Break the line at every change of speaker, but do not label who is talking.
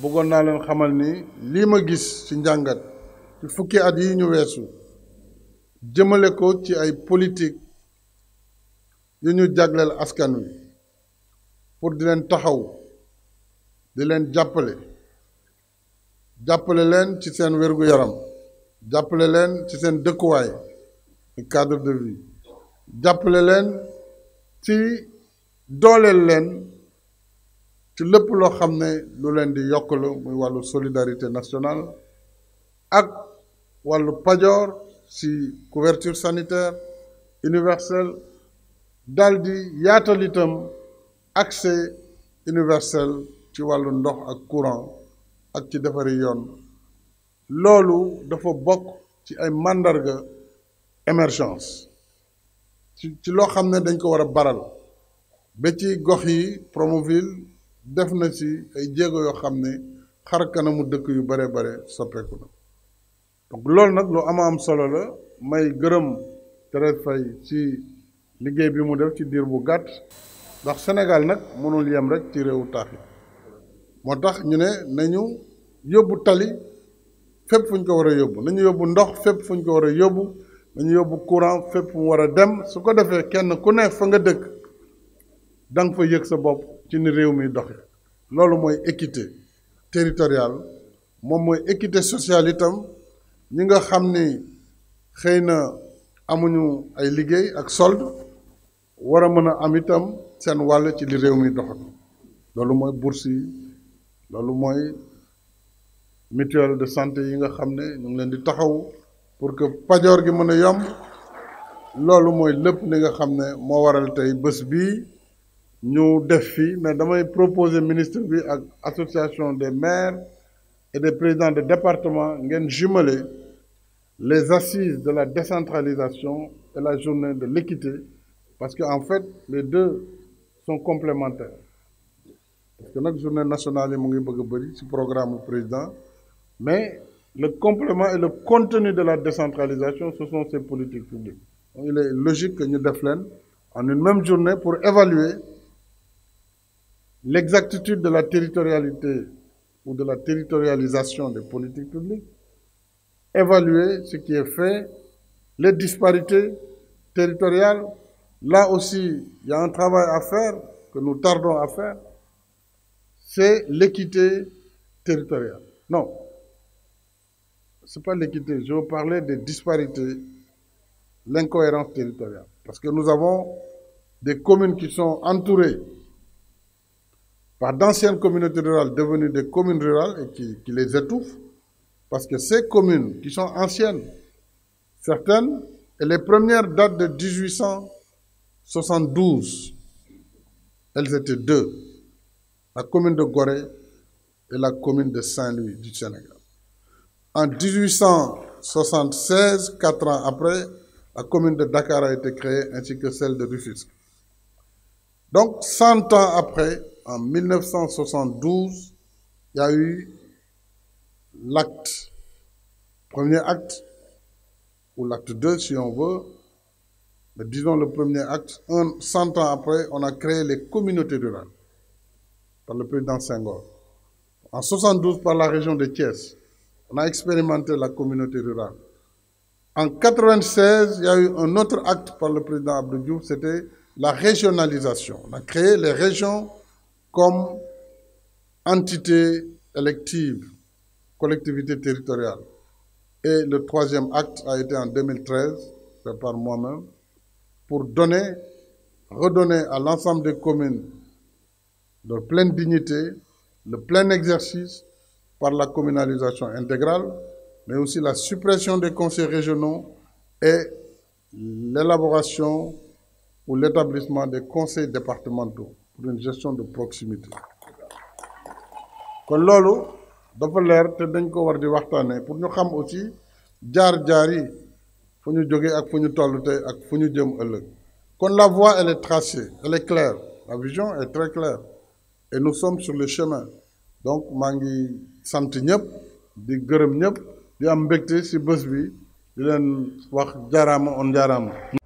bëggoon naa leen xamal ni lii ma gis ci njàngat ci fukki at yi ñu weesu jëmale ko ci ay politique yu ñu jagleel askan wi pour di leen taxaw di leen jàppale jàppale leen ci seen wér yaram jàppale leen ci seen dëkkuwaay cadre de vie jàppale leen ci dooleel leen Tu lépp loo xam lu leen solidarité nationale ak si couverture sanitaire universelle dal di yaatal itam accès universel ci wàllu ndox ak courant ak ci defari yoon dafa bokk ci ay émergence dañ baral Promoville def na si ay jéego yoo xam ne xar kanamu dëkk yu bare bare soppeeku na donc loolu nag lu ama am solo la may gërëm Thérèse Faye ci liggéey bi mu def ci diir bu gàtt ndax Sénégal nag mënul yem rek ci réewu taax yi moo tax ñu ne nañu yóbbu tali fépp fu ñu ko war a yóbbu nañu yóbbu ndox fépp fu ko war a yóbbu nañu yóbbu courant fépp mu war a dem su ko defee kenn ku ne fa nga dëkk da nga fa yëg sa bopp ci ni réew mi doxe loolu mooy équité teritorial moom mooy équité sociale itam ñi nga xam ni xëy na amuñu ay liggéey ak solde war a mën a am itam seen wàll ci li réew mi doxat loolu mooy bourse yi loolu mooy mutuelle de santé yi nga xam ne ñu ngi leen di taxaw pour que pajoor gi mën a yomb loolu mooy lépp li nga xam ne moo waral tey bés bii nous défis, nous mais proposer ministre de l'Association des maires et des présidents des départements de jumeler les assises de la décentralisation et la journée de l'équité parce qu'en en fait les deux sont complémentaires parce que notre journée nationale est mu Bagabari, ce programme président mais le complément et le contenu de la décentralisation ce sont ces politiques publiques il est logique que nous défions en une même journée pour évaluer l'exactitude de la territorialité ou de la territorialisation des politiques publiques, évaluer ce qui est fait, les disparités territoriales. Là aussi, il y a un travail à faire que nous tardons à faire, c'est l'équité territoriale. Non, ce n'est pas l'équité, je vous parler des disparités, l'incohérence territoriale. Parce que nous avons des communes qui sont entourées par d'anciennes communautés rurales devenues des communes rurales et qui, les étouffent, parce que ces communes qui sont anciennes, certaines, et les premières datent de 1872, elles étaient deux, la commune de Gorée et la commune de Saint-Louis du Sénégal. En 1876, quatre ans après, la commune de Dakar a été créée ainsi que celle de Rufisque. Donc, cent ans après, en 1972, il y a eu l'acte, premier acte, ou l'acte 2 si on veut, mais disons le premier acte, 100 ans après, on a créé les communautés rurales par le président Senghor. En 72, par la région de Thiès, on a expérimenté la communauté rurale. En 96, il y a eu un autre acte par le président Abdou c'était la régionalisation. On a créé les régions comme entité élective, collectivité territoriale. Et le troisième acte a été en 2013, fait par moi-même, pour donner, redonner à l'ensemble des communes leur pleine dignité, le plein exercice par la communalisation intégrale, mais aussi la suppression des conseils régionaux et l'élaboration ou l'établissement des conseils départementaux pour une gestion de proximité kon loolu dafa leer te dañ ko war di waxtaanee pour ñu xam aussi jaar-jaar yi fu ñu jógee ak fu ñu toll te ak fu ñu jëm ëllëg kon la voie elle est tracée elle est claire la vision est très claire et nous sommes sur le chemin donc maa ngi sant ñëpp di gërëm ñëpp di am mbégte ci bés bi di leen wax jaaraama on jaaraama.